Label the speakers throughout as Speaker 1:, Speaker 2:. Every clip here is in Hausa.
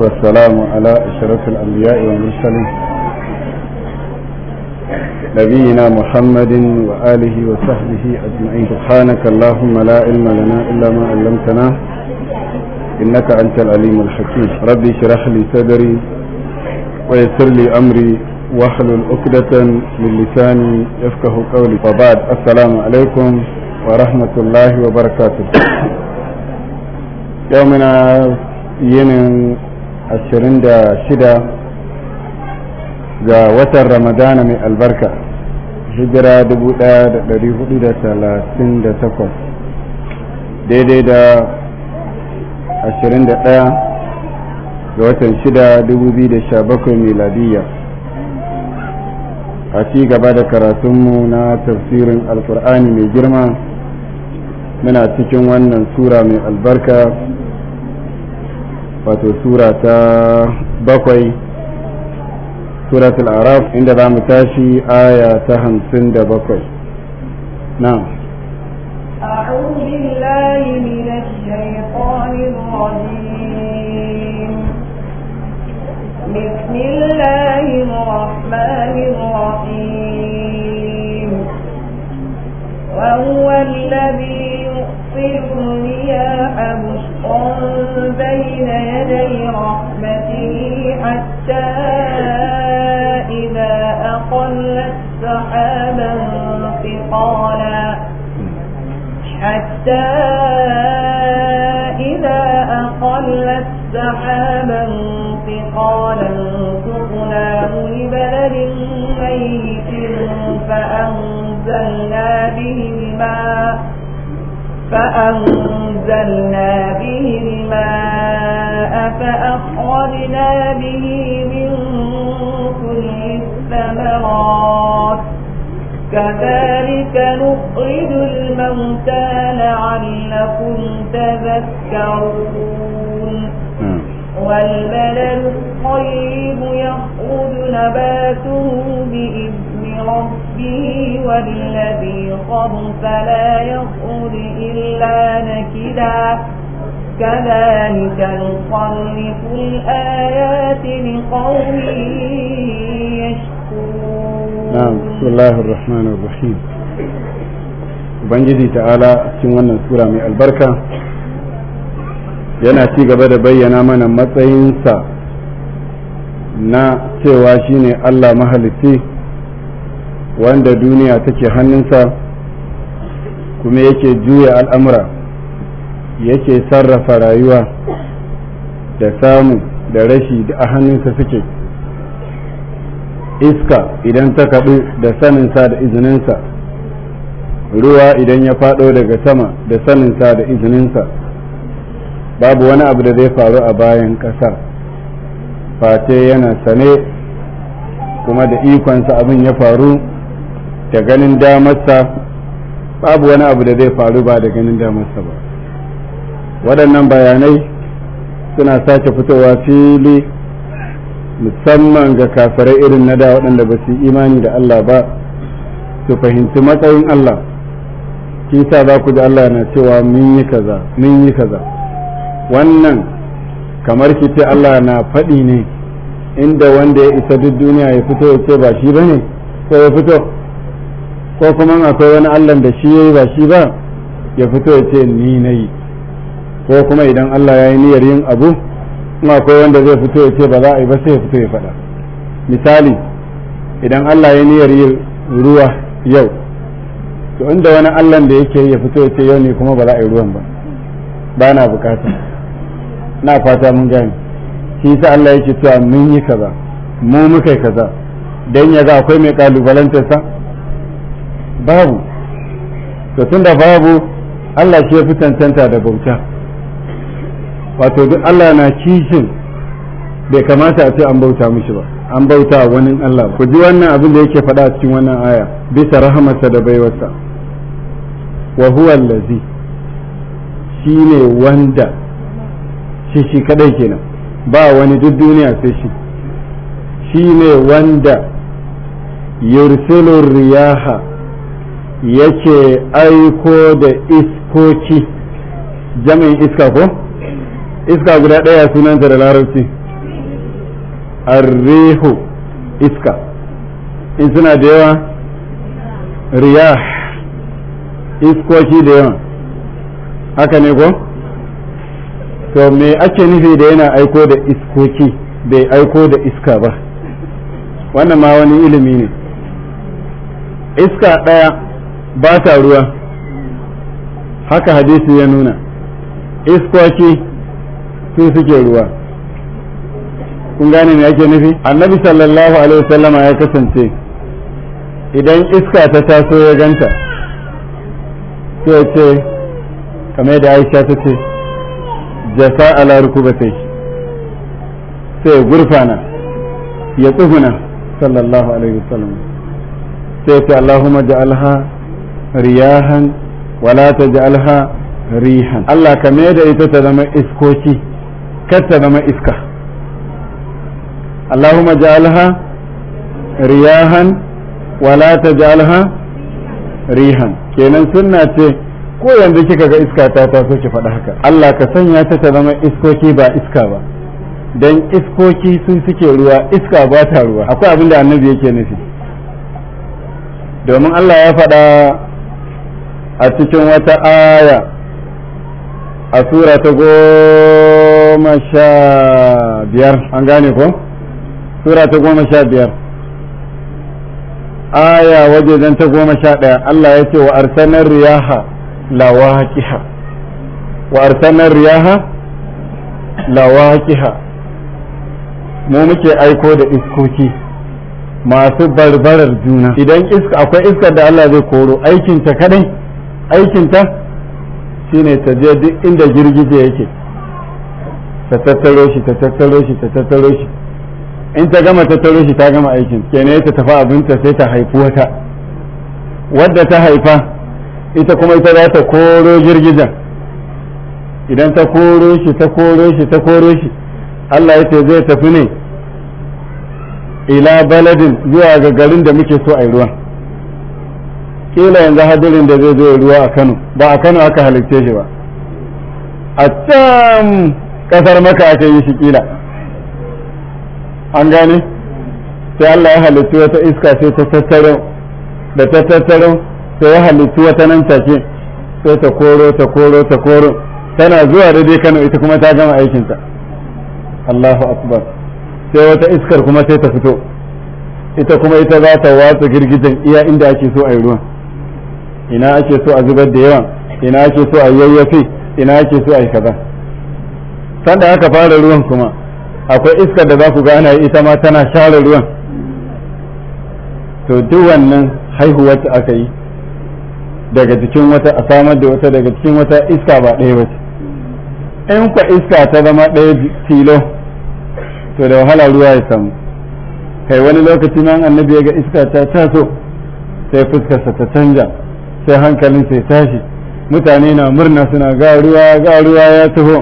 Speaker 1: والسلام على أشرف الأنبياء والمرسلين نبينا محمد وآله وصحبه أجمعين سبحانك اللهم لا علم لنا إلا ما علمتنا إنك أنت العليم الحكيم ربي اشرح لي صدري ويسر لي أمري واحلل عقدة من لساني يفقه قولي وبعد السلام عليكم ورحمة الله وبركاته يومنا ينن ashirin da shida ga watan ramadana mai albarka hijira dubu ɗaya da dari hudu da talatin da takwas daidai da ashirin da ɗaya ga watan shida dubu biyu da sha bakwai miladiyya a ci gaba da karatunmu na tafsirin alkur'ani mai girma muna cikin wannan sura mai albarka wato sura ta bakwai suratul araf inda za mu tashi aya ta hamsin da bakwai na
Speaker 2: أعوذ وهو الذي يرسل الرياح بين يدي رحمته حتى إذا أقلت سحابا ثقالا حتى إذا ميت فأنزلناه فأنزلنا به الماء فأخرجنا به من كل الثمرات كذلك نخرج الموتى لعلكم تذكرون والبلد الطيب يخرج نباته بإذن ربه والذي خبث لا يخرج إلا نكدا كذلك نصرف الآيات لقوم يشكرون
Speaker 1: نعم بسم الله الرحمن الرحيم Ubangiji ta'ala cikin wannan sura mai albarka yana ci gaba da bayyana mana matsayinsa na cewa shi ne Allah mahalicci wanda duniya take hannunsa kuma yake juya al'amura yake sarrafa rayuwa da samu da rashi da a hannunsa suke iska idan ta kaɗu da saninsa da izininsa ruwa idan ya faɗo daga sama da saninsa da izininsa babu wani abu da zai faru a bayan ƙasa fate yana sane kuma da ikonsa abin ya faru da ganin damarsa babu wani abu da zai faru ba da ganin damarsa ba waɗannan bayanai suna sake fitowa fili musamman ga kafirai irin na da waɗanda ba su imani da Allah ba su fahimci matsayin Allah kisa za ku ji Allah na cewa mun yi kaza wannan kamar ki ce Allah na faɗi ne inda wanda ya isa duk duniya ya fito ya ce ba shi ba ne ko ya fito ko kuma akwai wani allah da shi yayi ba shi ba ya fito ya ce ni na yi ko kuma idan allah ya yi niyyar yin abu in akwai wanda zai fito ya ce ba za a yi ba sai ya fito ya faɗa misali idan allah ya yi niyyar yin ruwa yau to inda wani allah da yake ya fito ya ce yau ne kuma ba za a yi ruwan ba ba na bukata na fata mun gane shi sa allah yake cewa mun yi kaza mu muka yi kaza dan ya ga akwai mai kalubalantarsa babu to tunda babu Allah shi ya fi tantanta da bauta wato duk Allah na kishin bai kamata a ce an bauta mishi ba an bauta wani Allah ku ji wannan abin da yake faɗa cikin wannan aya bisa rahamarsa da baiwarsa wa huwa allazi shine wanda shi shi kadai kenan ba wani duk duniya sai shi shine wanda yursilu riyaha yake aiko da iskoci jami'in iska ko iska guda ɗaya sunanta da larabci arrihu iska in suna da yawa riyah iskoci da yawa haka ne ko to me ake nufi da yana aiko da iskoki bai aiko da iska ba wannan ma wani ilimi ne iska ɗaya ba ta ruwa haka hadisi ya nuna iskoki su suke ruwa kun gane me ake nufi annabi sallallahu alaihi wasallama ya kasance idan iska ta taso ya ganta sai ce kamar da aisha ta ce jasa ala rukubatai sai gurfana ya tsuhuna sallallahu alaihi wasallam sai ce allahumma ja'alha riyahan wala taj'alha rihan Allah ka mai da ita ta zama iskoki kar ta zama iska Allahumma ja'alha riyahan wala taj'alha rihan kenan sunna ce ko yanzu kika ga iska ta taso ki faɗa haka Allah ka sanya ta ta zama iskoki ba iska ba dan iskoki sun suke ruwa iska ba ta ruwa akwai abin da annabi yake nufi domin Allah ya faɗa a cikin wata aya a sura ta goma sha biyar an gane ko? sura ta goma sha biyar aya wajejen ta goma sha ɗaya Allah ya ce wa arsanar riyaha haƙiha wa arsanar riyaha haƙiha mu muke aiko da iskoki masu barbarar juna idan akwai iskar da Allah zai koro aikinta kadai aikinta shine ta je duk inda girgije yake ta tattaro shi ta tattaro shi ta tattaro shi in ta gama tattaro shi ta gama aikin kenan ta tafi abinta sai ta haifi wata wadda ta haifa ita kuma ita za ta koro girgijen idan ta koro shi ta koro shi ta koro shi Allah ya ce zai tafi ne ila baladin zuwa ga garin da muke so a yi ruwan kila yanzu hadirin da zai zo ruwa a Kano ba a Kano aka halicce shi ba a can kasar maka aka yi shi kila an gane sai Allah ya halittu wata iska sai ta tattaro da ta tattaro sai ya halittu wata nan take sai ta koro ta koro ta koro tana zuwa da dai Kano ita kuma ta gama aikinta Allahu akbar sai wata iskar kuma sai ta fito ita kuma ita za ta watsa girgijen iya inda ake so a yi ruwan ina ake so a zubar da yawan ina ake so a yayyafi ina ake so a yi kaza sanda aka fara ruwan kuma akwai iskar da za ku ga ana ita ma tana share ruwan to duk wannan haihuwar ta aka yi daga cikin wata a samar da wata daga cikin wata iska ba ɗaya ba in kwa iska ta zama ɗaya tilo to da wahala ruwa ya samu kai wani lokaci nan annabi ya ga iska ta taso sai fuskarsa ta canja sai hankalin sai tashi mutane na murna suna ga ruwa ga ruwa ya taho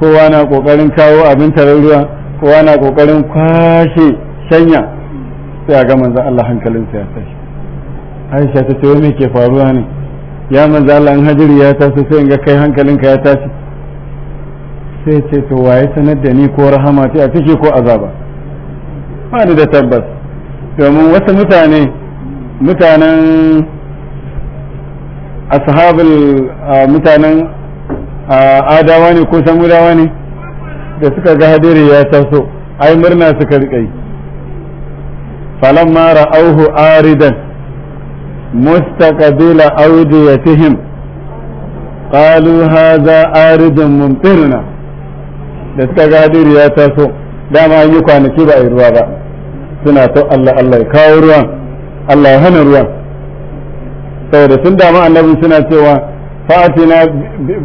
Speaker 1: kowa na kokarin kawo abin tarar ruwa kowa na kokarin kwashe shanya sai ga manzo Allah hankalin sai ya tashi Aisha ta ce me ke faruwa ne ya manzo Allah in hajiri ya tashi sai in ga kai hankalinka ya tashi sai ce to waye sanar da ni ko rahama ce a ciki ko azaba ba ni da tabbas domin wasu mutane mutanen ashabul ah, mutanen ah, adawa ne ko samudawa ne da suka ga hadiri ya taso ai murna suka rika yi falamma ra'auhu aridan mustaqbila awdiyatihim qalu hadha aridun mumtirna da suka ga hadiri ya taso dama an yi kwanaki ba a yi ruwa ba suna to Allah Allah ya kawo ruwan Allah ya hana ruwan saboda tun da annabi suna cewa na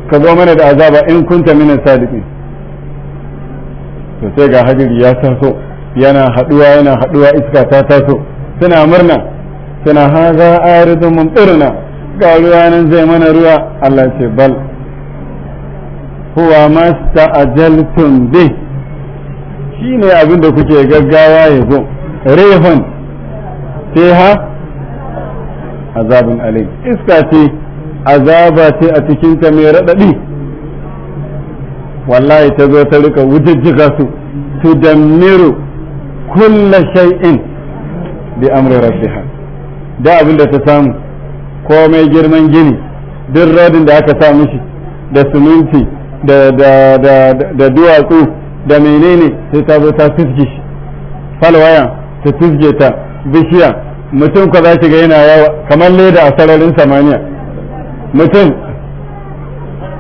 Speaker 1: ka zo mana da azaba in kunta min sadiki to sai ga hadiri ya taso yana haduwa yana haduwa iska ta taso suna murna suna haza aridun mumtirna ga ruwa nan zai mana ruwa Allah ce bal huwa masta'ajaltum bi shine abin da kuke gaggawa yazo rehon sai ha azabun alim iska ce azaba ce a cikin ta mai raɗaɗi wallahi ta zo ta rika wujajjiga su tudammiru kulla shay'in bi amri rabbiha da abin da ta samu komai girman gini duk radin da aka sa mishi da suminti da da da da duwatsu da menene sai ta zo ta tusge shi falwaya ta tusge ta bishiya mutum ka za shiga yana yawa kamar leda a sararin samaniya mutum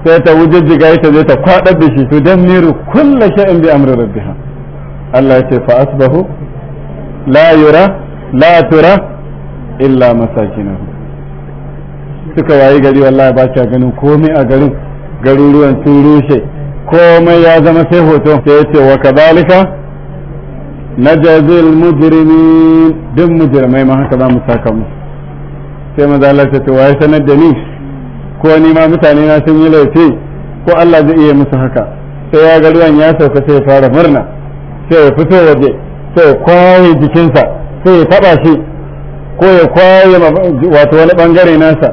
Speaker 1: sai ta jiga ita zai ta kwada da shi to dan miru kulla sha'in bi amri rabbiha Allah ce fa asbahu la yura la tura illa masakinahu suka wayi gari wallahi ba ta ganin komai a garin garuruwan sun rushe komai ya zama sai hoto sai ya ce wa kadalika نجزي المجرمين دم مجرمي ما هكذا mu sai maza ta ya sanar da ni ko ni ma mutane na sun yi laifi ko Allah zai iya musu haka sai ya ga ruwan ya sauka sai ya fara murna sai ya fito waje sai ya kwaye sa sai ya taba shi ko ya kwaye wato wani bangare nasa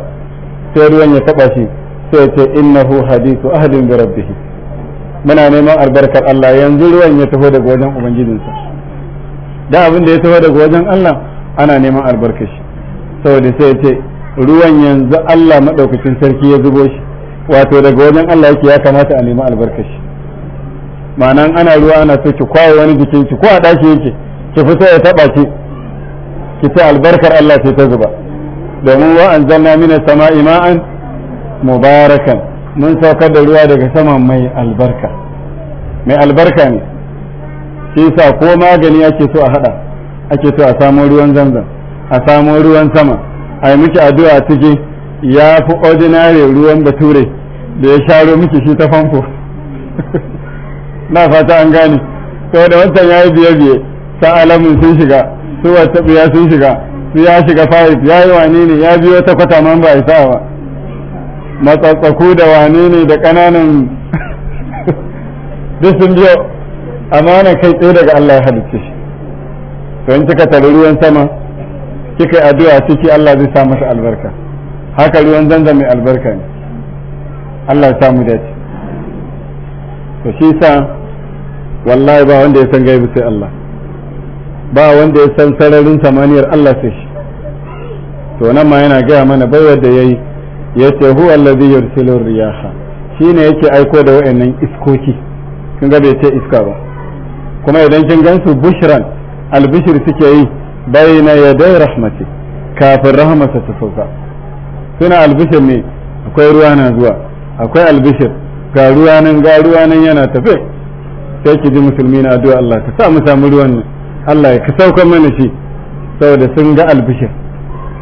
Speaker 1: sai ruwan ya taba shi sai ya ce innahu hadithu ahadin bi rabbih muna neman albarkar Allah yanzu ruwan ya taho daga wajen ubangijinsa da abin da ya taho daga wajen Allah ana neman albarkashi saboda sai ya ce ruwan yanzu Allah madaukakin sarki ya zubo shi wato daga wajen Allah yake ya kamata a nemi albarkashi ma'anan ana ruwa ana so ki kwaye wani jikin ki ko a dashi yake ki fito ya taba ki ki ce albarkar Allah sai ta zuba domin wa anzalna minas sama'i ma'an mubarakan mun saukar da ruwa daga sama mai albarka mai albarka ne shi sa ko magani ake so a hada ake so a samo ruwan zanzan a samo ruwan sama a yi miki addu'a ciki ya fi ordinary ruwan bature da ya sharo miki shi ta famfo na fata an gane to da wancan ya yi biye biye sa alamun sun shiga su wata biya sun shiga su ya shiga fayif ya yi wane ne ya biyo ta kwata man ba isa ba matsatsaku da wani ne da kananan duk sun biyo amana kai tsaye daga Allah ya halicce shi to in kika tare ruwan sama kika addu'a ciki Allah zai sa masa albarka haka ruwan zanzan mai albarka ne Allah ya samu dace to shi sa wallahi ba wanda ya san gaibi sai Allah ba wanda ya san sararin samaniyar Allah sai shi to nan ma yana gaya mana bai da yayi yace hu allazi yursilu riyaha shine yake aiko da wayannan iskoki kun ga bai ce iska ba kuma idan kin gansu bushran albishir suke yi bayna yaday rahmati kafin rahmasa ta sauka suna albishir ne akwai ruwa na zuwa akwai albishir ga ruwa nan ga ruwa nan yana tafe sai ki ji musulmi na addu'a Allah ka sa mu samu ruwan nan Allah ka sauka mana shi saboda sun ga albishir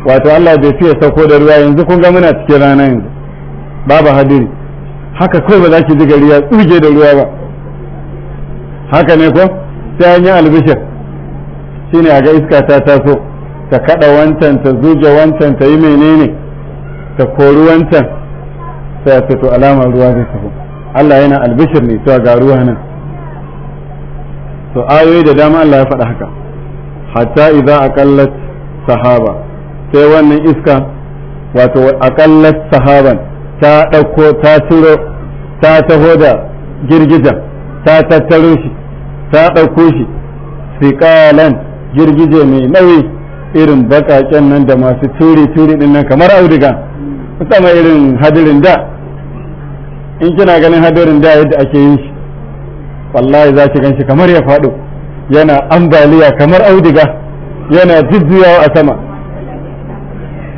Speaker 1: wato Allah bai fiye sauko da ruwa yanzu kun ga muna cikin rana yanzu babu hadiri haka kawai ba za ki ji gari ya tsuge da ruwa ba haka ne ko sai an yi albishir shine a ga iska ta taso ta kada wancan ta zuje wancan ta yi menene ta kori wancan sai ta to alamar ruwa zai tafi Allah yana albishir ne cewa ga ruwa nan to ayoyi da dama Allah ya faɗa haka hatta idza aqallat sahaba sai wannan iska wato aqallat sahaban ta ɗauko ta ciro ta taho da girgijan ta tattaro shi ta ɗauko shi siƙalan girgije mai nauyi irin baƙaƙen nan da masu turi-turi ɗin nan kamar auduga musamman irin hadirin da in kina ganin hadirin da yadda ake yin shi wallahi za ki gan shi kamar ya faɗo yana ambaliya kamar auduga yana jujjuyawa a sama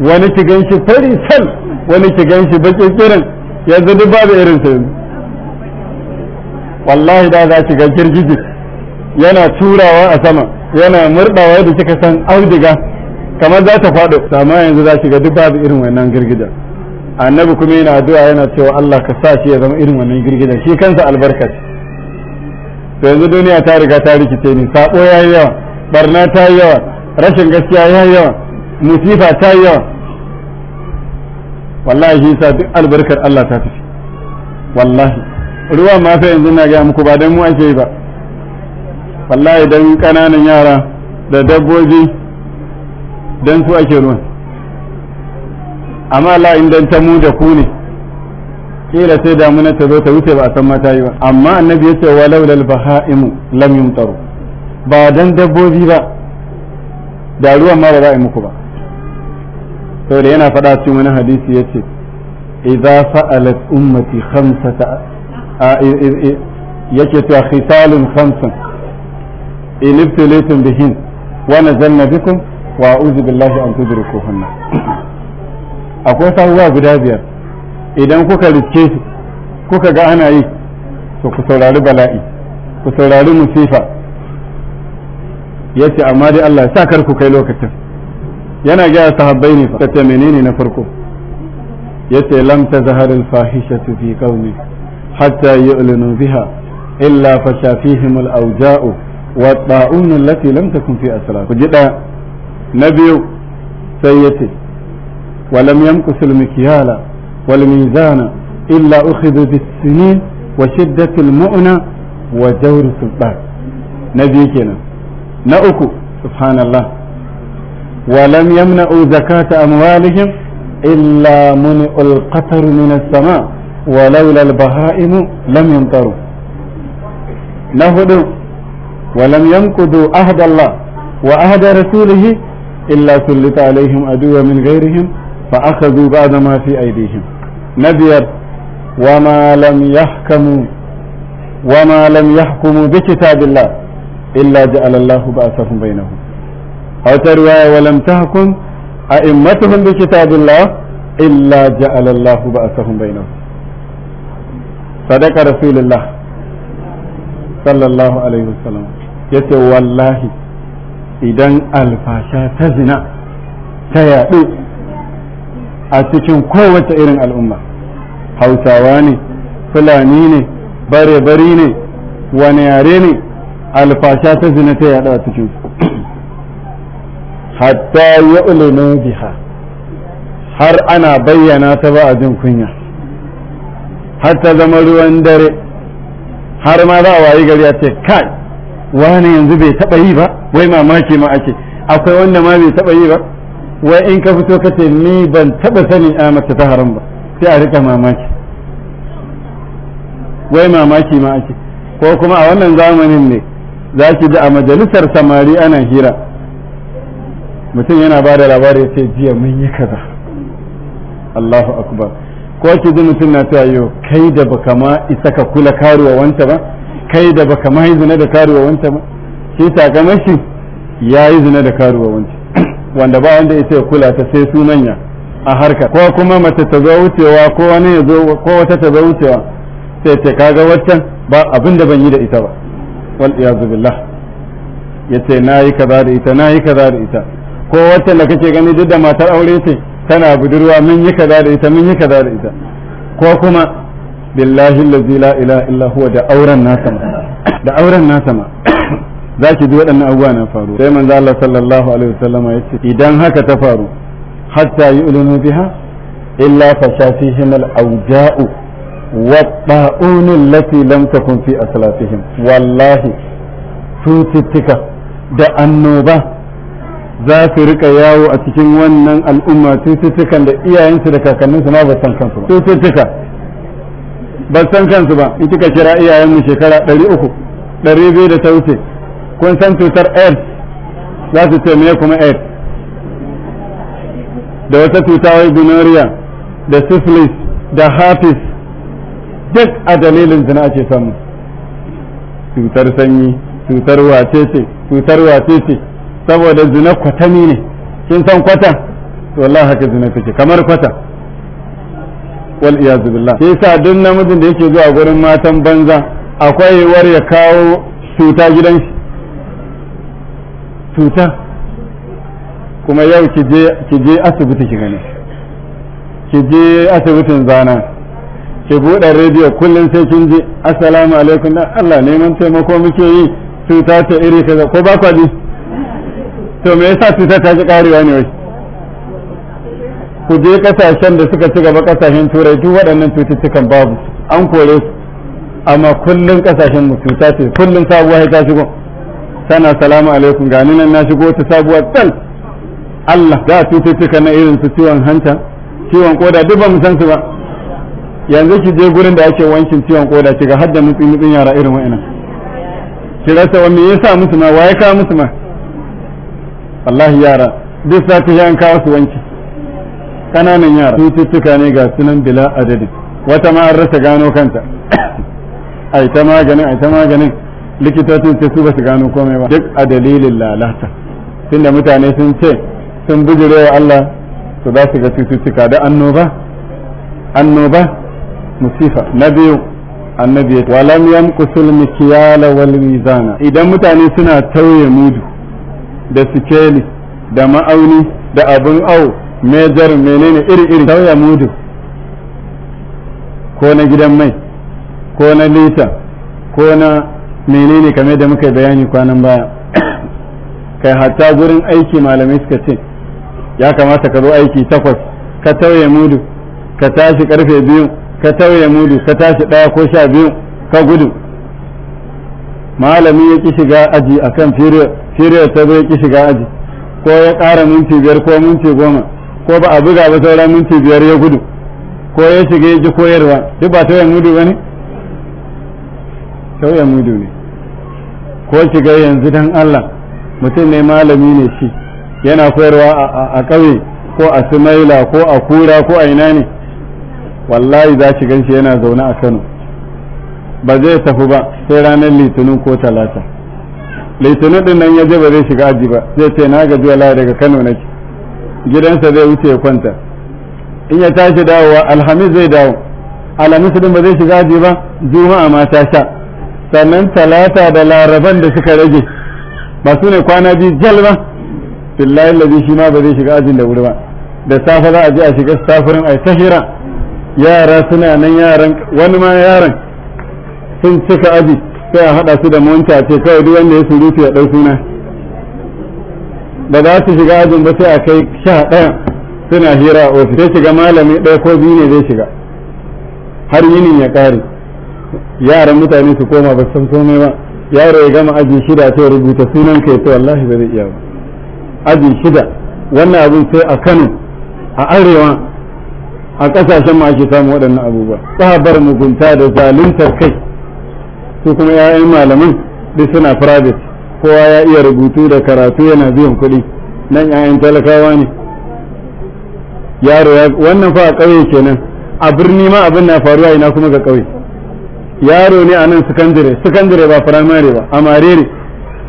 Speaker 1: wani ki gan shi fari sal wani ki gan shi baƙin kirin yanzu duk babu irin sa yanzu wallahi da za ki ga girgije yana turawa a sama yana murɗawa da kika san audiga kamar za ta faɗo amma yanzu za shiga duk babu irin wannan girgijar annabi kuma yana addu'a yana cewa Allah ka sa shi ya zama irin wannan girgijar shi kansa albarka to yanzu duniya ta riga ta rikice ni sabo yayi yawa barna ta yi yawa rashin gaskiya yayi yawa musifa ta yi yawa wallahi shi sa duk albarkar Allah ta tafi wallahi ruwa ma fa yanzu na ga muku ba dan mu ake yi ba wallahi dan kananan yara da dabbobi dan su ake ruwan amma la dan ta mu da ku ne kila sai damuna ta zo ta wuce ba a san mata yi ba amma annabi yace walau lal bahaimu lam yumtaru ba dan dabbobi ba da ruwan ma ba za a yi muku ba saboda yana faɗa cikin wani hadisi yace idza sa'alat ummati khamsata yake cewa khisalun khamsan in ibtulitum bihin wa nazalna bikum wa a'udhu billahi an tudrikuhunna akwai sabuwa guda biyar idan kuka riske kuka ga ana yi to ku saurari bala'i ku saurari musifa yace amma dai Allah sa kar ku kai lokacin yana gaya sahabbai ne fa menene na farko yace lam tazhar fahishatu fi qaumi hatta yu'linu biha illa fasha fihim al awja'u والطاعون التي لم تكن في أسرار فجدا نبي سيتي ولم يمكث المكيال والميزان إلا أخذ بالسنين وشدة المؤنة وجور السلطان نبي كنا نأكو سبحان الله ولم يمنعوا زكاة أموالهم إلا منع القطر من السماء ولولا البهائم لم يمطروا نهدوا ولم ينقضوا عهد الله وعهد رسوله إلا سلط عليهم عدوا من غيرهم فأخذوا بعد ما في أيديهم نبيت وما لم يحكموا وما لم يحكموا بكتاب الله إلا جعل الله بأسهم بينهم أو ترواية ولم تحكم أئمتهم بكتاب الله إلا جعل الله بأسهم بينهم صدق رسول الله صلى الله عليه وسلم yace wallahi idan alfasha ta zina ta yaɗu a cikin kowace irin al'umma hausawa ne fulani ne bare-bari ne wani yare ne alfasha ta zina ta yaɗu a cikin hatta ya biha har ana bayyana ta ba a jin kunya har ta zama ruwan dare har ma za a wayi gari a ce kai wani yanzu bai taba yi ba wai mamaki ma ake akwai wanda ma bai taba yi ba wai in ka fito ka ce ni ban taba sanin a mace ta haram ba sai a rika mamaki wai mamaki ma ake ko kuma a wannan zamanin ne za ki ji a majalisar samari ana hira mutum yana ba da labari ya ce jiya mun yi kaza Allahu akbar ko ki ji mutum na ta yau kai da baka ma isa ka kula karuwa wanta ba kai da baka mai zina da karuwa wancan ba shi sakamashi ya yi zina da karuwa wancan wanda ba wanda ya kula ta sai sunan ya a harka ko kuma mace ta zo wucewa ko wani ya zo ko wata ta zo wucewa sai ce kaga waccan ba abin da ban yi da ita ba wal iyazu billah yace nayi kaza da ita nayi kaza da ita ko wata da kake gani duk da matar aure ce tana budurwa mun yi kaza da ita mun yi kaza da ita ko kuma billahi allazi la ilaha illa huwa da auren nasa da auren nasa ma za ki ji waɗannan abubuwa na faru sai manzo Allah sallallahu alaihi wasallama ya ce idan haka ta faru hatta yi yu'linu biha illa fashafihim al-awja'u wa ta'un allati lam takun fi aslatihim wallahi cututtuka da annoba za su rika yawo a cikin wannan al'umma cututtukan da iyayensu da kakanninsu ma ba san kansu ba cututtuka ba san kansu ba in kika kira iyayenmu shekara ɗari uku ɗari biyu da ta wuce kun san cutar aids za su ce me kuma aids da wata cuta wai gonorrhea da syphilis da herpes duk a dalilin zina ake samu cutar sanyi cutar tutar cutar ce saboda zina kwatami ne kin san kwata to wallahi haka zina take kamar kwata wal iyazu billah sai sa duk namijin da yake zuwa gurin matan banza akwai war ya kawo cuta gidan shi cuta kuma yau ki je ki je asibiti ki gani ki je asibitin zana ki buɗe rediyo kullum sai kin ji assalamu alaikum dan Allah neman taimako muke yi cuta ta iri kaza ko ba kwa ji to me yasa cuta ta ji karewa ne wai ku je kasashen da suka ci gaba kasashen turai duk waɗannan cututtukan babu an kore su amma kullum kasashen mu cuta ce kullum sabuwa ta shigo Sana salamu alaikum gani nan na shigo ta sabuwa tsal Allah ga cututtuka na irin su ciwon hanta ciwon koda duk ba mu san su ba yanzu ki je gurin da ake wankin ciwon koda ki ga hadda mutsin mutsin yara irin wa'annan ki rasa wa me yasa musu ma waye ka musu ma wallahi yara duk sati an kawo su wanki kananan yara cututtuka ne ga sunan bila adadin wata ma an rasa gano kanta ai ta maganin ai ta maganin likitocin ce su ba su gano komai ba duk a dalilin lalata tunda mutane sun ce sun bijire wa Allah to za su ga cututtuka da annoba annoba musifa na biyu annabi walam yanqusul mikyala wal mizana idan mutane suna tauye mudu da sikeli da ma'auni da abun au mejar menene iri iri sauya mudu ko na gidan mai ko na lita ko na menene kame da muka bayani kwanan baya kai hatta gurin aiki malamai suka ce ya kamata ka zo aiki takwas ka tauye mudu ka tashi karfe biyu ka tauye mudu ka tashi ɗaya ko sha biyu ka gudu malami ya ki shiga aji akan firiyar ta zo ya ki shiga aji ko ya ƙara minti biyar ko minti goma ko ba a buga ba sauran minti biyar ya gudu ko ya shiga ya ji koyarwa duk ba sauyan mudu ba ne sauyan mudu ne ko shiga yanzu dan Allah mutum ne malami ne shi yana koyarwa a ƙauye ko a sumaila ko a kura ko a ina ne wallahi za shi shi yana zaune a Kano ba zai tafi ba sai ranar litinin ko talata litinin din nan ya je ba zai shiga aji ba zai ce na gaji wallahi daga Kano nake gidansa zai wuce ya kwanta in ya tashi dawowa alhamis zai dawo alhamis din ba zai shiga aji ba juma'a ma ta sha sannan talata da laraban da suka rage ba su ne kwana biyu jal ba billahi lazi shi ma ba zai shiga ajin da wuri ba da safe za a je a shiga safirin a tahira yara suna nan yaran wani ma yaran sun cika aji sai a haɗa su da monta ce kawai duk wanda ya surutu ya ɗau suna ba za su shiga ajin ba sai a kai sha ɗaya suna hira a ofis sai shiga malami ɗaya ko biyu ne zai shiga har yinin ya ƙare yaran mutane su koma ba san komai ba yaro ya gama ajin shida sai rubuta sunan kai to wallahi ba zai iya ba aji shida wannan abin sai a Kano a arewa a kasashen ma ake samu waɗannan abubuwa tsabar mugunta da zaluntar kai su kuma 'ya'yan malaman duk suna private kowa ya iya rubutu da karatu yana biyan kuɗi nan yayan talakawa ne yaro ya wannan fa a ƙauye kenan a birni ma abin na faruwa ina kuma ga ƙauye yaro ne a nan sakandire sakandire ba firamare ba a mariri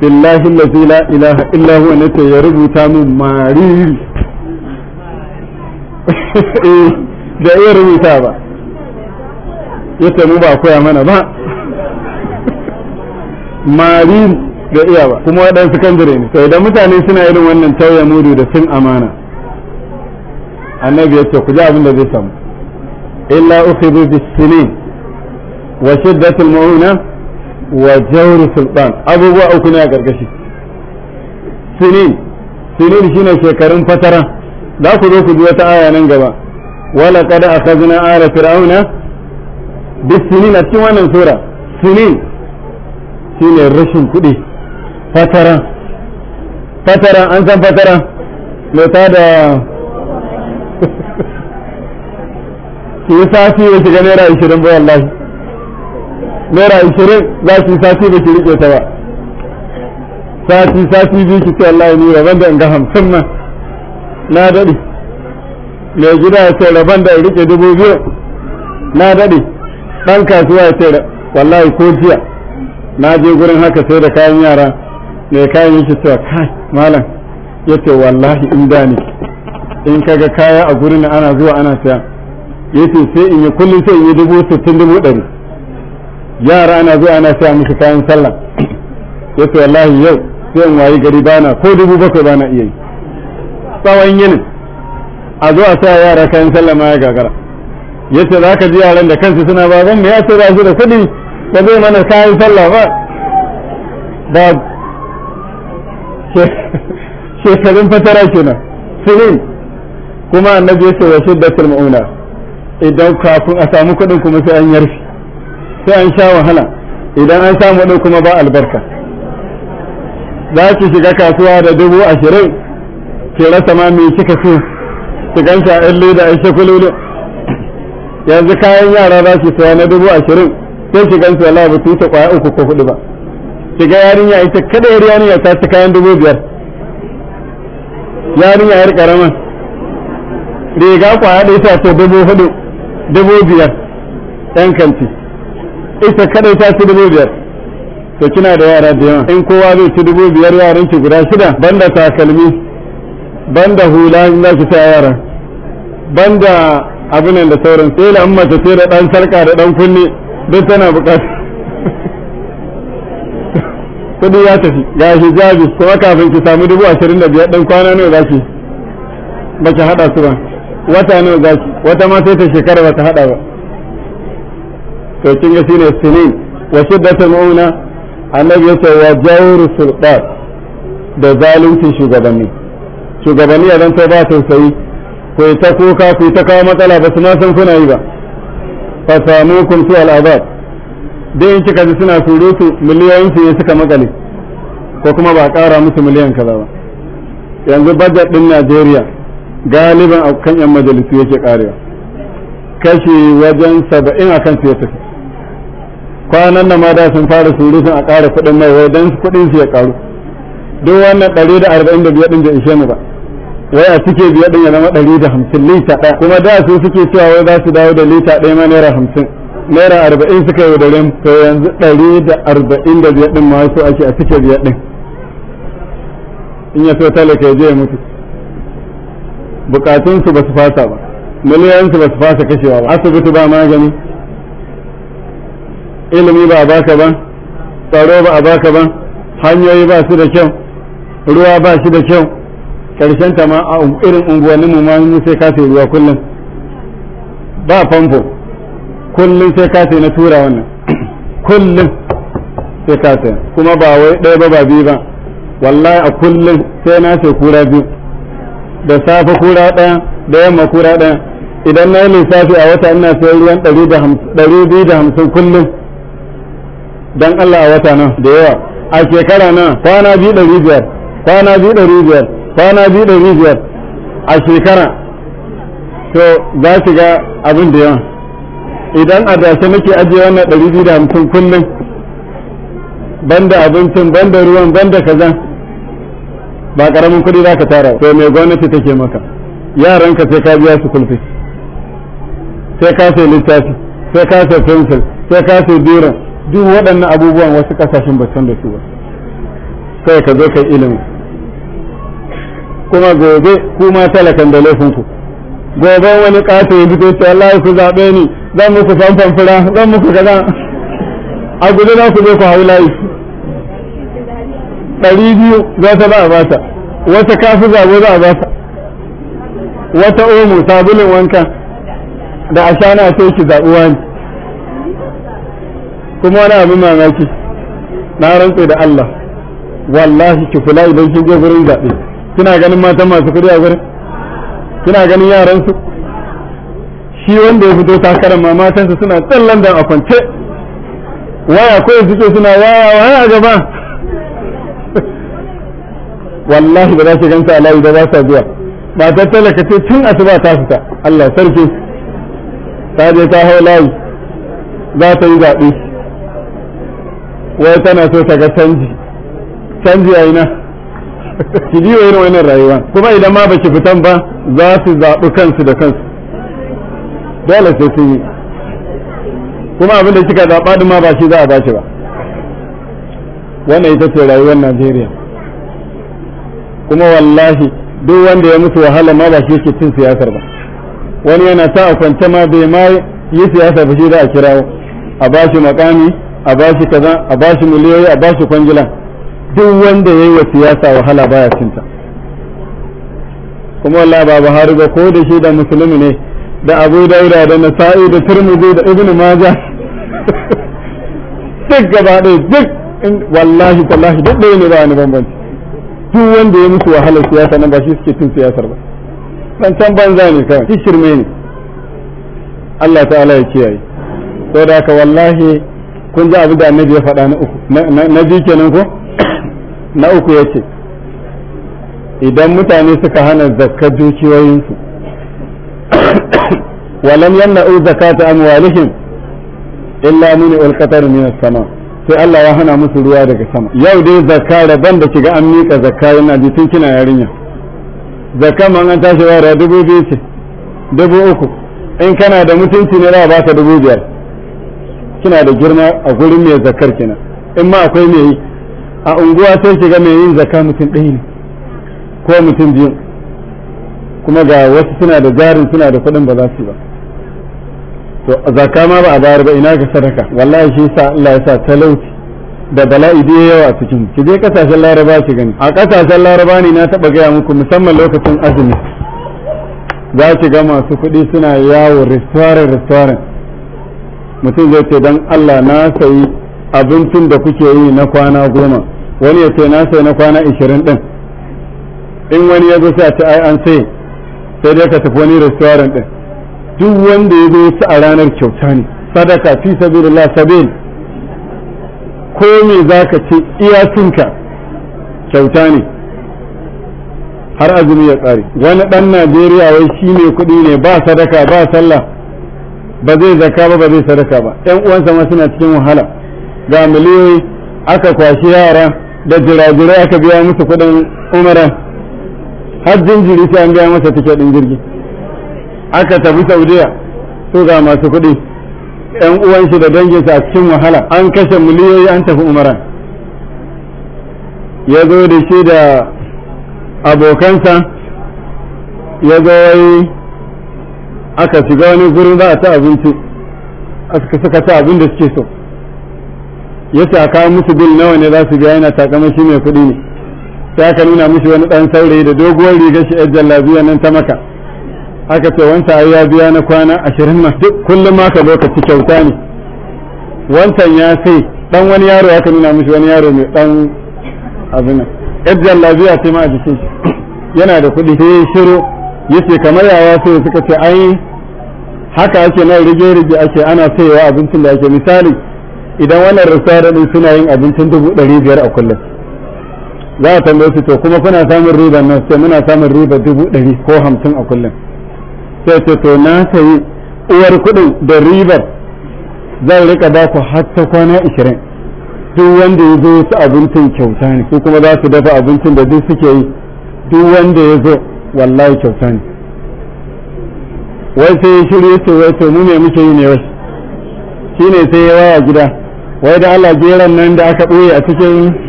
Speaker 1: billahi lazi la ilaha illa huwa nace ya rubuta min mariri da eh, iya rubuta ba ya mu ba koya mana ba mariri ga iya ba kuma waɗansu sakandare ne to idan mutane suna irin wannan tauye mudu da sun amana annabi ya ce ku ji abin da zai samu illa ukhidhu bis-sinin wa shiddatul mu'una wa jawru sultan abubuwa uku ne a karkashi sinin sinin shine shekarun fatara za ku zo ku ji wata aya nan gaba wala qad akhadna ala fir'auna bis-sinin a cikin wannan sura sinin shine rashin kuɗi fataran fataran an san fataran mai ta da su yi sati ya shiga naira ishirin ba wallahi naira ishirin za su yi sati ba ki riƙe ta ba sati sati biyu ki ce wallahi ni rabon da in ga hamsin nan na daɗe mai gida ya ce rabon da in riƙe dubu biyu na daɗe ɗan kasuwa ya ce wallahi ko jiya na je gurin haka sai da kayan yara me kayan yake cewa kai malam yace wallahi in da ne in kaga kaya a gurin ana zuwa ana saya yace sai in yi kullum sai in yi dubu sittin dubu ɗari yara ana zuwa ana saya musu kayan sallah yace wallahi yau sai in wayi gari bana ko dubu bakwai bana iya yi tsawon yinin a zuwa sa yara kayan sallah ma ya gagara yace za ka ji yaran da kansu suna baban me ya ce da su da kuɗi ba zai mana kayan sallah ba ba shekarun fatara kenan sinin kuma annabi ya ce wa shiddatul mauna idan kafin a samu kuɗin kuma sai an yarfi sai an sha wahala idan an samu kuɗin kuma ba albarka za ki shiga kasuwa da dubu ashirin ki rasa ma me kika so ki ganta a yan leda a shakululu yanzu kayan yara za su saya na dubu ashirin sai ki ganta wala ba ta kwaya uku ko hudu ba shiga yarinya ita kada yarinya ta ta kayan dubu biyar yarinya yar karama riga ku da ita ce dubu hudu dubu biyar ɗan kanti ita kada ta ci dubu biyar to kina da yara da yawa in kowa zai ci dubu biyar yaran ki guda shida banda takalmi banda hula in za ki sa yara banda abin da sauran sai da amma ta sai da ɗan sarka da ɗan kunne duk tana bukata kudi ya tafi ga hijabi kuma kafin ki samu dubu ashirin da biyar ɗan kwana nawa za ki ba ki haɗa su ba wata nawa za ki wata ma sai ta shekara ba ta haɗa ba to kin ga shine sinin wa shiddatul mu'mina annabi yace wa jawru sulqat da zalunci shugabanni shugabanni a ta ba tausayi ku ta kuka ku ta kawo matsala ba su ma san kuna yi ba fa samukum fi al'adab dai in kika ji suna surutu miliyoyin su suka makale ko kuma ba ƙara musu miliyan kaza ba yanzu budget din Najeriya galiban a kan yan majalisu yake karewa kashi wajen saba'in a kan siyasa kwanan nan ma da sun fara surutun a kara kuɗin mai wai don kuɗin su ya ƙaru duk wannan ɗari da arba'in da biyar ɗin da ishe mu ba wai a cike biyar ɗin ya zama ɗari da hamsin lita ɗaya kuma da su suke cewa wai za su dawo da lita ɗaya ma naira hamsin naira arba'in suka yi da to yanzu ɗari da arba'in da biyar ɗin masu ake a cikin biyar ɗin in ya so talaka ya je ya mutu bukatunsu ba su fasa ba miliyan su ba su fasa kashewa ba asibiti ba magani ilimi ba a baka ba tsaro ba a baka ba hanyoyi ba su da kyau ruwa ba shi da kyau karshen ta ma a irin unguwanni mu ma sai ka ruwa kullum ba famfo kullum sai ka sai na tura wannan kullum sai ka sai kuma ba wai ɗaya ba ba biyu ba wallahi a kullum sai na sai kura biyu da safe kura ɗaya da yamma kura ɗaya idan na yi lissafi a wata ina sayan ruwan ɗari biyu da hamsin kullum don Allah a wata nan da yawa a shekara nan kwana biyu ɗari biyar kwana biyu ɗari biyar kwana biyu ɗari biyar a shekara to za su ga abin da yawa idan a dace nake ajiye wannan ɗari biyu da hamsin kullum banda abincin banda ruwan banda kaza ba ƙaramin kuɗi za ka tara to mai gwamnati take maka yaranka sai ka biya su kulfi sai ka sai littafi sai ka sai fensil sai ka sai biran duk waɗannan abubuwan wasu ƙasashen ba da su ba sai ka zo ka ilimi kuma gobe kuma talakan da laifinku gobe wani ƙasa ya fito ce Allah ku zaɓe ni zan muku famfan fura zan muku gada a guji za ku je ku hau layi ɗari biyu za ta ba a bata wata kafi zabo za a bata wata omo sabulin wanka da a ashana sai ki zaɓuwa ne kuma wani abin mamaki na rantse da Allah wallahi ki kula idan kin je gurin zaɓe kina ganin matan masu kuɗi a gurin kina ganin yaran su shi wanda ya fito takarar ma matansa suna tsallan da a kwance waya ko yanzu ce suna waya waya gaba wallahi ba za su ganta alayi ba za su biya ba ta talaka ce tun asuba ta fita Allah sarki ta je ta hau layi za ta yi zaɓe wai tana so ta ga canji canji a ina ki biyo irin wannan rayuwa kuma idan ma baki fitan ba za su zaɓi kansu da kansu dole sai sun yi kuma abin da kika zaɓa ɗin ma ba shi za a bashi ba wannan ita ce rayuwar najeriya kuma wallahi duk wanda ya mutu wahala ma ba shi yake cin siyasar ba wani yana ta a kwance ma bai ma yi siyasa ba shi za a kirawo a bashi makami a bashi kaza a bashi miliyoyi a bashi kwangila duk wanda ya yi wa siyasa wahala baya cinta kuma wallahi ba Buhari ba ko da shi da musulmi ne da abu daura da nasa'i da turmuzi da ibnu maja duk gaba ɗaya duk wallahi tallahi duk ɗaya ne ba wani bambanci duk wanda ya musu wahalar siyasa nan ba shi suke cin siyasar ba dan can banza ne kawai shi shirme ne Allah ta'ala ya kiyaye da haka wallahi kun ji abu da annabi ya faɗa na uku na biyu kenan ko na uku ya ce idan mutane suka hana zakkar dukiyoyinsu ولم يمنعوا زكاة أموالهم إلا من القطر من السماء sai Allah ya hana musu ruwa daga sama yau dai zakka rabon da kiga an miƙa zakka yana jikin tun kina yarinya zakka man an tashi wa dubu biyu ce dubu uku in kana da mutunci ne za ba ka dubu biyar kina da girma a gurin mai zakkar kina in ma akwai mai a unguwa sai kiga mai yin zakka mutum ɗaya ne ko mutum biyu kuma ga wasu suna da jarin suna da kuɗin ba za su ba to zaka ma ba a bayar ba ina ka sadaka wallahi shi sa Allah ya sa talauci da bala'i da yawa cikin ki je kasashen laraba ki gani a kasashen laraba ne na taba gaya muku musamman lokacin azumi za ki ga masu kuɗi suna yawo restaurant restaurant mutum zai ce don Allah na sayi abincin da kuke yi na kwana goma wani ya ce na sayi na kwana ishirin din in wani ya zo sai a ce ai an sai sai dai ka tafi wani restaurant din duk wanda ya zo ci a ranar kyauta ne sadaka fi sabilillah sabil ko me zaka ce iyacinka kyauta ne har azumi ya tsare wani dan Najeriya wai shi ne kuɗi ne ba sadaka ba sallah ba zai zaka ba ba zai sadaka ba ƴan uwansa ma suna cikin wahala ga miliyoyi aka kwashi yara da jirajirai aka biya musu kuɗin umara har jinjiri sai an gaya masa tiket ɗin jirgi aka tafi saudiya su ga masu kuɗi 'yan uwan da danginsa a cikin wahala an kashe miliyoyi an tafi umaran ya zo da shi da abokansa ya zo wai aka shiga wani gurin za ta abinci suka ta abin da suke so ya sa kawo musu bil nawa ne za su biya yana takamashi mai kuɗi ne sai aka nuna mishi wani dan saurayi da doguwar rigar shi yar jallabiya nan ta maka aka ce wanta ai ya biya na kwana ashirin ma duk kullum ma ka zo ka ci kyauta ne wancan ya sai dan wani yaro aka nuna mishi wani yaro mai dan abin yar jallabiya sai ma a jikin shi yana da kuɗi sai shiru ce kamar yawa sai suka ce ai haka ake nan rige rige ake ana sayewa abincin da ake misali idan wannan restaurant suna yin abincin dubu ɗari biyar a kullum za a tambaye su to kuma kuna samun riba na sai muna samun riba dubu ɗari ko hamsin a kullum sai ce to na sayi uwar kuɗin da ribar zan rika ba ku har ta kwana ishirin duk wanda ya zo su abincin kyauta ne ko kuma za su dafa abincin da duk suke yi duk wanda ya zo wallahi kyauta ne wai sai ya shirya ce wai to mu ne muke yi ne wai shine sai ya waya gida wai da Allah jeran nan da aka ɓoye a cikin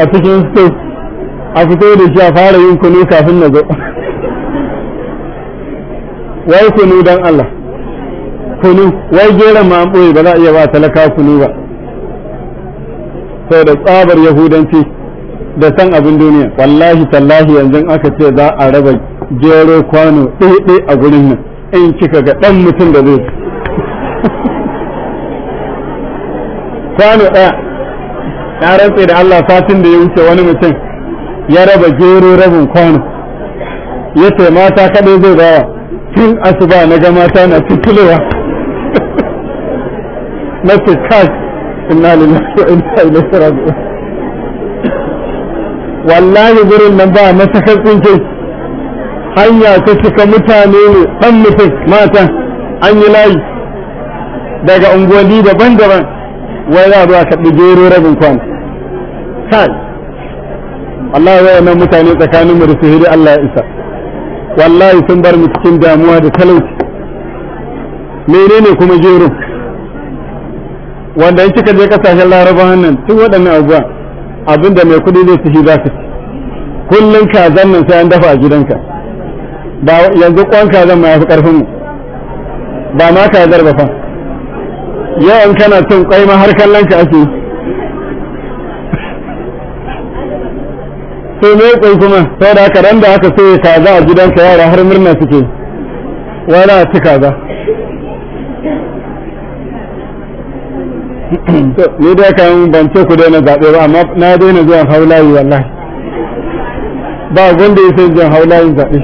Speaker 1: a cikin state a fito da shi a fara yin kunu kafin na zo wai kunu don Allah kunu wai geran ma an ɓoye ba za a iya ba talaka kunu ba sau da tsabar yahudanci da san abin duniya wallahi tallahi yanzu aka ce za a raba gero kwano ɗaiɗai a gurin nan in kika ga ɗan mutum da zai kwano ɗaya na rantse da Allah satin da ya wuce wani mutum ya raba gero rabin kwano ya ce mata kaɗai zai bawa tun asuba na ga mata na fitilowa na ce kash inna lillahi wa inna ilaihi raji'un wallahi gurin nan ba na cikin tsinke hanya ta cika mutane ne ɗan mutum mata an yi layi daga unguwanni daban-daban wai za a zuwa kaɗi gero rabin kwano kan Allah ya wannan mutane tsakanin mu da sihiri Allah ya isa wallahi sun bar mu cikin damuwa da talauci menene kuma gero wanda in kika je kasashen Laraba nan tun waɗanne abuwa abinda mai kuɗi ne ci za su ci kullum kazan nan sai an dafa a gidanka ba yanzu kwan kazan ma ya fi ƙarfin mu ba ma kazar ba fa yawan kana cin ƙwai ma har kallon ka ake sai ne kwai kuma sai da haka ran da aka so ya kaza a gidansa yara har murna suke wala ka za to ni da kan ban ce ku daina zaɓe ba amma na daina zuwa haulayi wallahi ba wanda ya sai zuwa haulayi zaɓe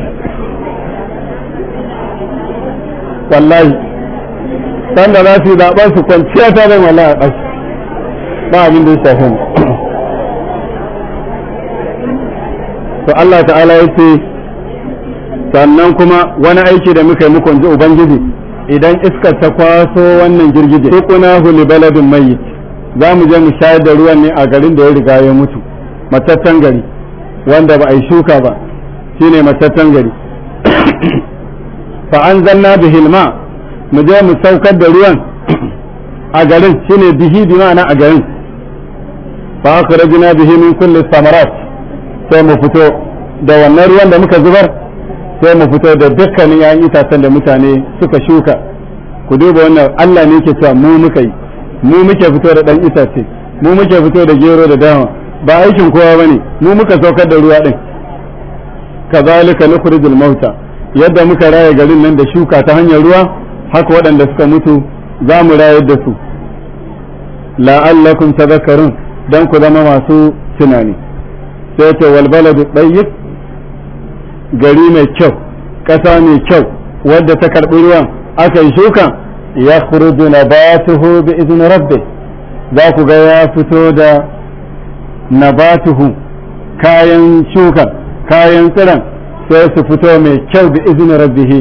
Speaker 1: wallahi sanda za su yi zaɓen su kwanciya ta zai wallahi a ba abin da ya shafi mu to Allah ta'ala ya ce sannan kuma wani aiki da muka yi muku ji ubangiji idan iskar ta kwaso wannan girgije tukuna huli baladin mayyit za mu je mu shayar da ruwan ne a garin da ya riga ya mutu matattan gari wanda ba a yi shuka ba shine matattan gari fa anzalna bihil ma mu je mu saukar da ruwan a garin shine bihi bi ma'ana a garin fa akhrajna bihi min kulli thamarat sai mu fito da wannan ruwan da muka zubar sai mu fito da dukkanin yayin itacen da mutane suka shuka ku duba wannan Allah ne yake cewa mu muka yi mu muke fito da dan itace mu muke fito da gero da dama ba aikin kowa bane mu muka saukar da ruwa din kazalika nukhrijul mauta yadda muka raye garin nan da shuka ta hanyar ruwa haka waɗanda suka mutu za mu rayar da su la'allakum tadhakkarun dan ku zama masu tunani sai ce walbaladu tayyib gari mai kyau ƙasa mai kyau wadda ta karɓi ruwan aka yi shuka ya khuruju nabatuhu bi izini rabbi za ku ga ya fito da nabatuhu kayan shuka kayan tsiran sai su fito mai kyau bi izini rabbihi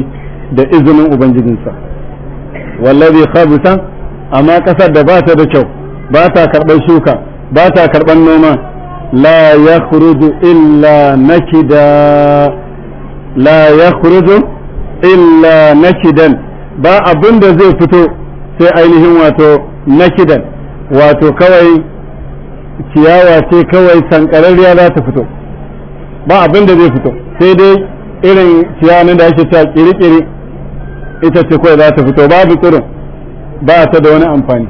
Speaker 1: da izinin ubangijinsa wallazi khabisa amma ƙasar da ba ta da kyau ba ta karɓar shuka ba ta karɓar noma لا يخرج إلا نكدا لا يخرج إلا نكدا با أبن دا زي فتو سي أينهم واتو نكدا واتو كوي ciyawa ce kawai sankararriya za ta fito ba abin da zai fito sai dai irin ciyawa da ake ta kiri-kiri ita ce kawai za ta fito babu tsirin ba ta da wani amfani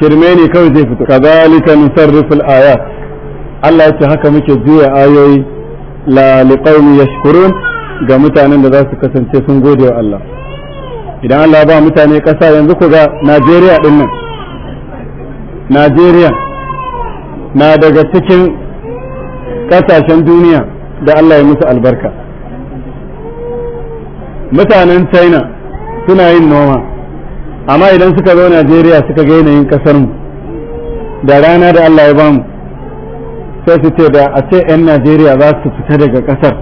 Speaker 1: shirme ne kawai zai fito kazalika nusarriful ayat Allah ya ce haka muke juya ayoyi la liqaumi yashkurun ga mutanen da za su kasance sun gode wa Allah idan Allah ba mutane kasa yanzu ku ga Najeriya din nan Najeriya na daga cikin kasashen duniya da Allah ya musu albarka mutanen China suna yin noma amma idan suka zo Najeriya suka ga yanayin kasar mu da rana da Allah ya bamu sai su ce da a ce 'yan najeriya za su fita daga ƙasar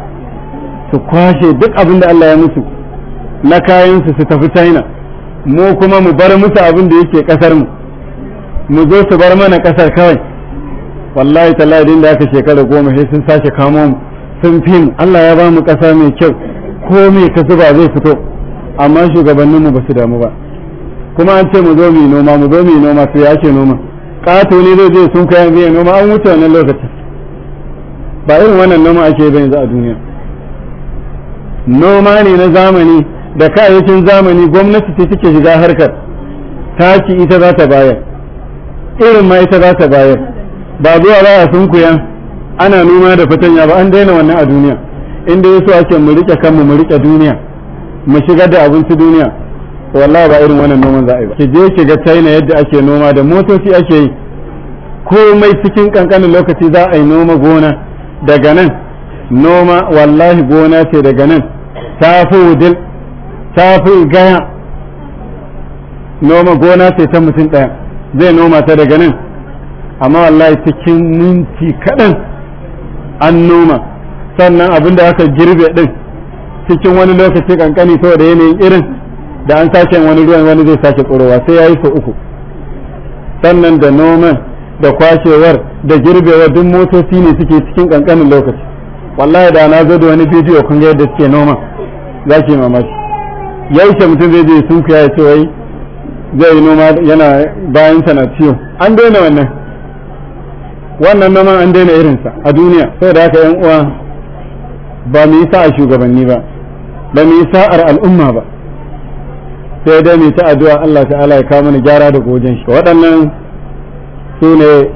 Speaker 1: su kwashe duk abin da allah ya musu na kayansu su tafi china mu kuma mu bar musu abin da yake ƙasar mu mu zo su bar mana ƙasar kawai wallahi tallahi da aka shekara goma sai sun sake kamo mu sun fi mu allah ya ba mu ƙasa mai kyau ko mai ka zuba zai fito amma shugabanninmu ba su damu ba kuma an ce mu zo mu noma mu zo mu noma su ya ce noma ƙato zai sun kayan biyan noma an wuce wannan lokacin ba irin wannan noma ake bai yanzu a duniya noma ne na zamani da kayayyakin zamani gwamnati ce take shiga harkar taki ita za ta bayar irin ma ita za ta bayar ba zuwa ba a sunkuya ana noma da fatanya ba an daina wannan a duniya inda so ake mu rike kanmu mu rike duniya mu shigar da abinci duniya wallahi ba irin wannan noman za a yi ba ki je ki ga China yadda ake noma da motoci ake yi komai cikin kankanin lokaci za a yi noma gona daga nan noma wallahi gona ce daga nan ta fi wudil ta fi gaya noma gona ce ta mutum ɗaya zai noma ta daga nan amma wallahi cikin minti kaɗan an noma sannan abin da aka girbe ɗin cikin wani lokaci kankani da yanayin irin da an sake wani ruwan wani zai sake tsorowa sai ya yi sau uku sannan da noman da kwashewar da girbewar duk motoci ne suke cikin kankanin lokaci wallahi da na zo da wani bidiyo kun ga yadda suke noma za ki mamaki yaushe mutum zai je Sunku ya ce wai zai yi noma yana bayan sana ciwo an daina wannan wannan noman an daina irinsa a duniya Sai da haka yan uwa ba mu yi sa'a shugabanni ba ba mu yi sa'ar al'umma ba sai dai mu ta addu'a Allah ta'ala ya kawo mana gyara da gojen shi waɗannan su ne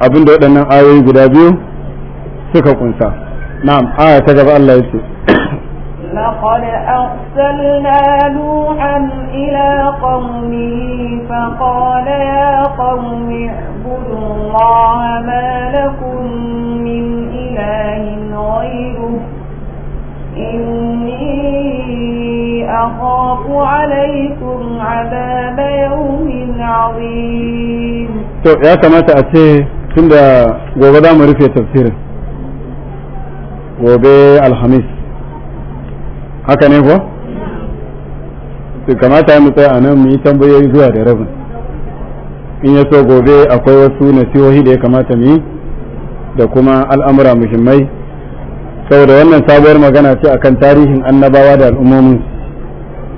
Speaker 1: abin da waɗannan ayoyi guda biyu suka kunsa na'am aya ta gaba Allah ya ce
Speaker 2: لقد أرسلنا نوحا إلى قومه فقال يا قوم اعبدوا الله ما لكم من إله غيره إني أخاف عليكم عذاب يوم عظيم
Speaker 1: to ya kamata a ce tun da gobe za mu rufe tafsirin gobe alhamis haka ne ko? su kamata mu tsaya a nan mu yi tambayoyi zuwa da rabin in ya so gobe akwai wasu nasihohi da ya kamata mu yi da kuma al'amura muhimmai saboda wannan sabuwar magana ce akan tarihin annabawa da al'ummomin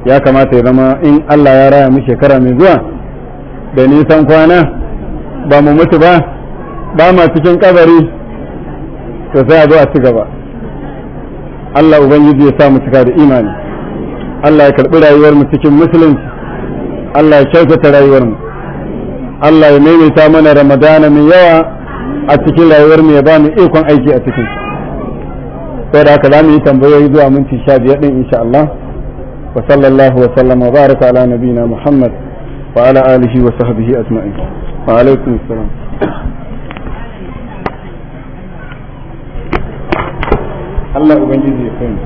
Speaker 1: ya kamata ya zama in Allah ya raya mu shekara mai zuwa da nisan kwana ba mu mutu ba ba ma cikin kabari to sai a zo a ci gaba Allah ubangiji ya sa mu cika da imani Allah ya karbi rayuwar mu cikin musulunci Allah ya kyautata rayuwar mu Allah ya maimaita mana Ramadana mai yawa a cikin rayuwar mu ya ba mu ikon aiki a cikin sai da za mu yi tambayoyi zuwa minti sha biyar din insha Allah wa sallallahu wa sallama baraka ala nabina Muhammad وعلى آله وصحبه أجمعين وعليكم السلام Allah Ubangiji ya kai mai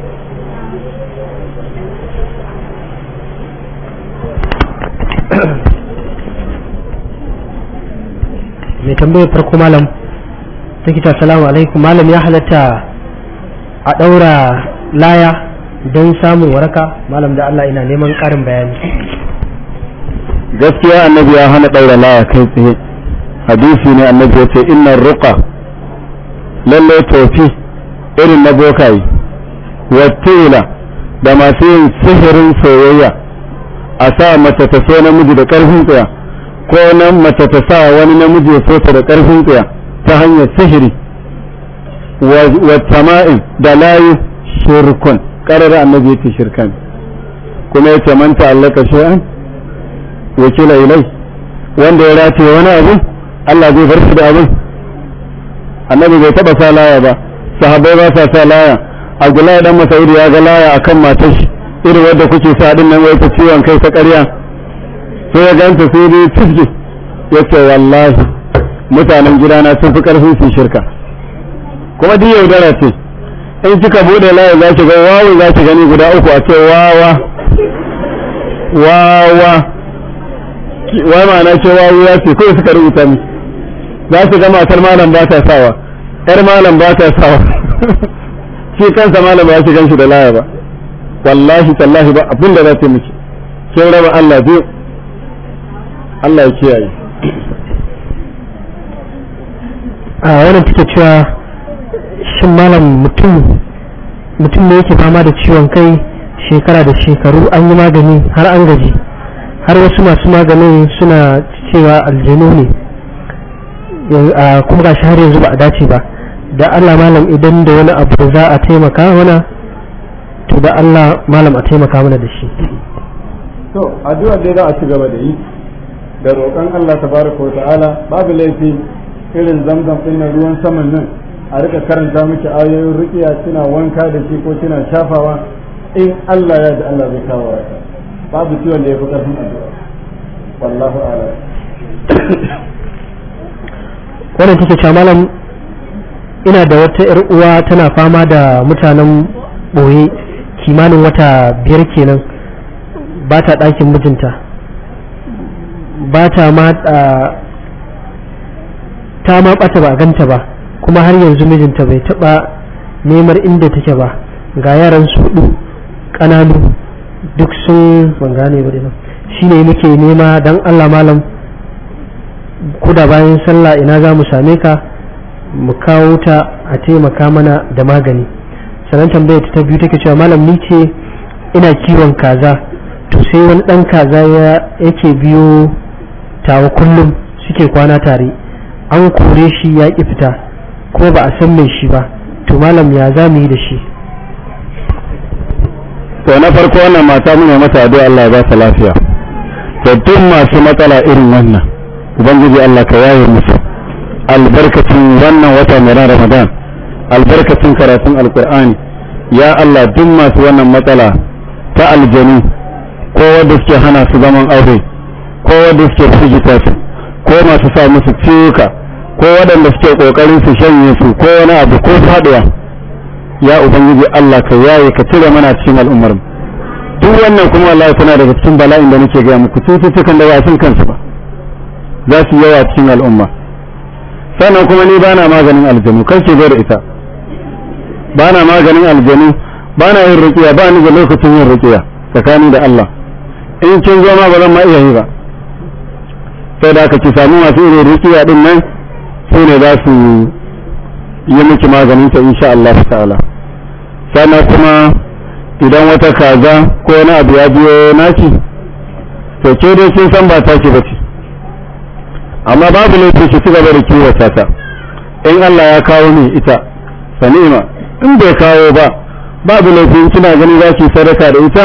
Speaker 3: tambayar farko malam ta salamu alaikum malam ya halatta a ɗaura laya don samun waraka malam da Allah ina neman ƙarin bayani
Speaker 1: gaskiya annabi ya hana daura laya kai tsaye hadisi ne annabi ya ce innan ruqa lalle tofi irin na wa wattila da masu yin sihirin soyayya a sa mace ta so namiji da ƙarfin tsaya ko nan mace ta sa wani namiji ya so ta da ƙarfin tsaya ta hanyar sihiri wa tama'in da layu shirkun ƙarar annabi ya ce shirkan kuma ya ce manta allaka shay'an wakila ilai wanda ya race wani abu Allah zai bar da abin annabi bai taba sa laya ba sahabbai ba sa sa laya abdullahi dan masaudi ya ga laya akan matar shi irin wanda kuke sa din nan wai ta ciwon kai ta ƙarya sai ya ganta sai dai tifki yace wallahi mutanen gidana sun fi ƙarfin su shirka kuma duk yaudara ce in kika bude layi za ki ga wawa za ki gani guda uku a ce wawa wawa wa ma'ana ce ya ce kawai suka rubuta ni za su ga matar malam ba ta sawa yar malam ba ta sawa shi kansa malam ya ce gan shi da laya ba wallahi tallahi ba abin da za ta miki kin raba Allah biyu Allah ya kiyaye
Speaker 3: a wannan take cewa shin malam mutum mutum ne yake fama da ciwon kai shekara da shekaru an yi magani har an gaji har wasu masu maganin suna cewa aljanu ne kuma ga shi har yanzu ba a dace ba da Allah malam idan da wani abu za a taimaka mana to da Allah malam a taimaka mana da shi
Speaker 1: to addu'a dai za a ci gaba da yi da roƙon Allah tabaraka wa ta'ala babu laifi irin zamzam din na ruwan saman nan a rika karanta miki ayoyin rukiya kina wanka da shi ko kina shafawa in Allah ya ji Allah zai kawo ka babu ciwon da ya fi ƙarfin addu'a wallahu a'lam
Speaker 3: wannan take cewa malam ina da wata yar uwa tana fama da mutanen boye kimanin wata biyar kenan ba ta ɗakin mijinta ba ta ma ta ma ɓata ba ganta ba kuma har yanzu mijinta bai taɓa neman inda take ba ga yaran su ƙananu duk sun ban gane ba shi shine muke nema don Allah malam kuda bayan sallah ina za mu same ka mu kawo ta a taimaka mana da magani sanan tambayar ta biyu take cewa malam ni ce ina kiwon kaza to sai wani dan kaza ya yake biyo tawa kullum suke kwana tare an kore shi ya ƙifta fita ko ba a san mai shi ba to malam ya za mu yi da shi
Speaker 1: to na farko wannan mata muna mata addu'a Allah ya ba ta lafiya to duk masu matsala irin wannan ubangiji Allah ka yaye musu albarkacin wannan wata mai Ramadan albarkacin karatun alkur'ani ya Allah duk masu wannan matsala ta aljanu ko wanda suke hana su zaman aure ko wanda suke fijita su ko masu sa musu ciwuka ko waɗanda suke ƙoƙarin su shanye su ko wani abu ko faɗuwa ya ubangiji Allah ka yaye ka cire mana cikin al'ummar mu duk wannan kuma wallahi kuna daga cikin bala'in da nake gaya muku cututtukan da ba sun kansu ba za su yawa cikin al'umma sannan kuma ni bana maganin aljanu kan ke da ita bana maganin aljanu bana yin ruqiya ba ni da lokacin yin ruqiya tsakani da Allah in kin zo ma ba zan ma iya yi ba sai da aka ki samu masu irin ruqiya din nan sai ne za su yi miki maganin ta insha Allah ta'ala sannan kuma idan wata kaza ko wani abu ya biyo naki to ke dai sun san ba taki ba ce amma babu ne ki ci gaba da kiwata ta in Allah ya kawo ni ita sanima in bai kawo ba babu ne in kina gani za ki sadaka da ita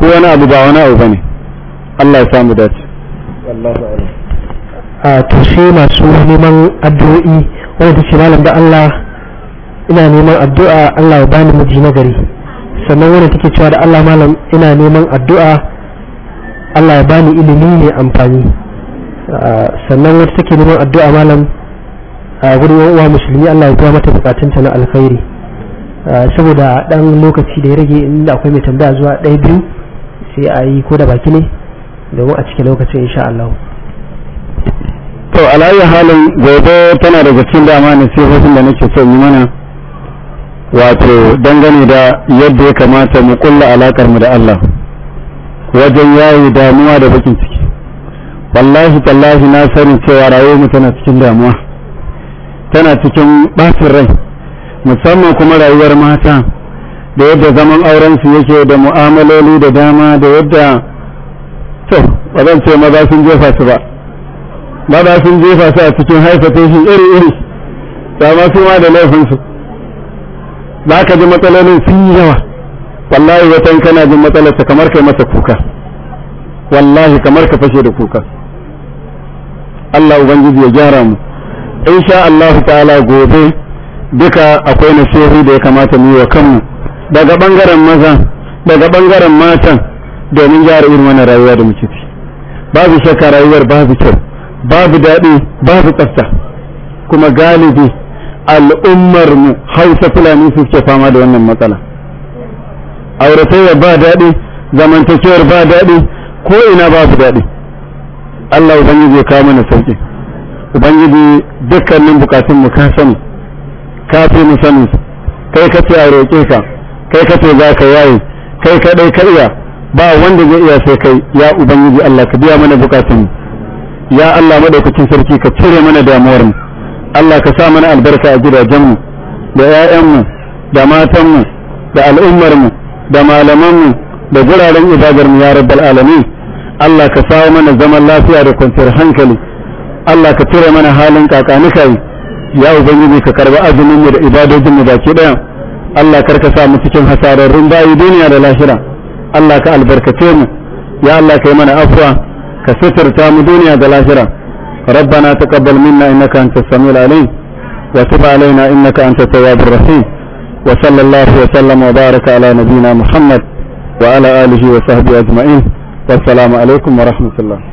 Speaker 1: ko wani abu ba wani abu bane Allah ya samu dace wallahi a'lam
Speaker 3: a to shi masu neman addu'o'i wanda take malam da Allah ina neman addu'a Allah ya bani miji na gari sannan wannan take cewa da Allah malam ina neman addu'a Allah ya bani ilimi mai amfani ah, sannan wata take neman addu'a malam a gurin uwa musulmi Allah ya biya mata ta na alkhairi ah, saboda dan lokaci da ya rage inda akwai mai tambaya zuwa ɗaya biyu sai a yi ko da baki ne domin a cikin lokacin insha Allah
Speaker 1: to alayya halin gobe tana daga cikin dama ne sai da nake son yi mana wato dangane da yadda ya kamata mu kulla alakar mu da Allah wajen yayi damuwa da bakin ciki wallahi tallahi na sani cewa rayuwar mu tana cikin damuwa tana cikin bacin rai musamman kuma rayuwar mata da yadda zaman auren su yake da mu'amaloli da dama da yadda to ba zan ce maza sun jefa su ba maza sun jefa su a cikin haifatoshin iri iri dama su ma da laifin su za ka ji matsalolin sun yi yawa wallahi watan kana jin matsalarsa kamar kai masa kuka wallahi kamar ka fashe da kuka Allah ubangiji ya gyara mu insha Allah ta'ala gobe duka akwai nasihi da ya kamata mu yi wa kanmu daga bangaren maza daga bangaren matan domin gyara irin wannan rayuwa da muke babu shakka rayuwar babu kyau babu daɗi babu tsafta kuma galibi al'ummar mu hausa fulani su suke fama da wannan matsala ya ba daɗi zamantakewar ba daɗi ko ina babu daɗi Allah ubangiji ya kawo mana sauki ubangiji dukkanin bukatun mu ka sani ka fi mu sani kai ka ce a roƙe ka kai ka ce za ka yaye kai ka ɗai ka iya ba wanda zai iya sai kai ya ubangiji Allah ka biya mana bukatun ya Allah maɗaukakin sarki ka cire mana damuwar mu Allah ka sa mana albarka a gidajenmu da 'ya'yanmu da matanmu da al'ummarmu da malamanmu da guraren ibadarmu ya rabbal alami Allah ka sawo mana zaman lafiya da kwanciyar hankali Allah ka cire mana halin yi ya ubangiji ka karba azuminmu da ibadojinmu baki daya Allah kar ka sa mu cikin hasararrun bayi duniya da lahira Allah ka albarkace mu ya Allah ka yi mana afuwa ka suturta mu duniya da lahira ربنا تقبل منا إنك أنت السميع العليم وتب علينا إنك أنت التواب الرحيم وصلى الله وسلم وبارك على نبينا محمد وعلى آله وصحبه أجمعين والسلام عليكم ورحمة الله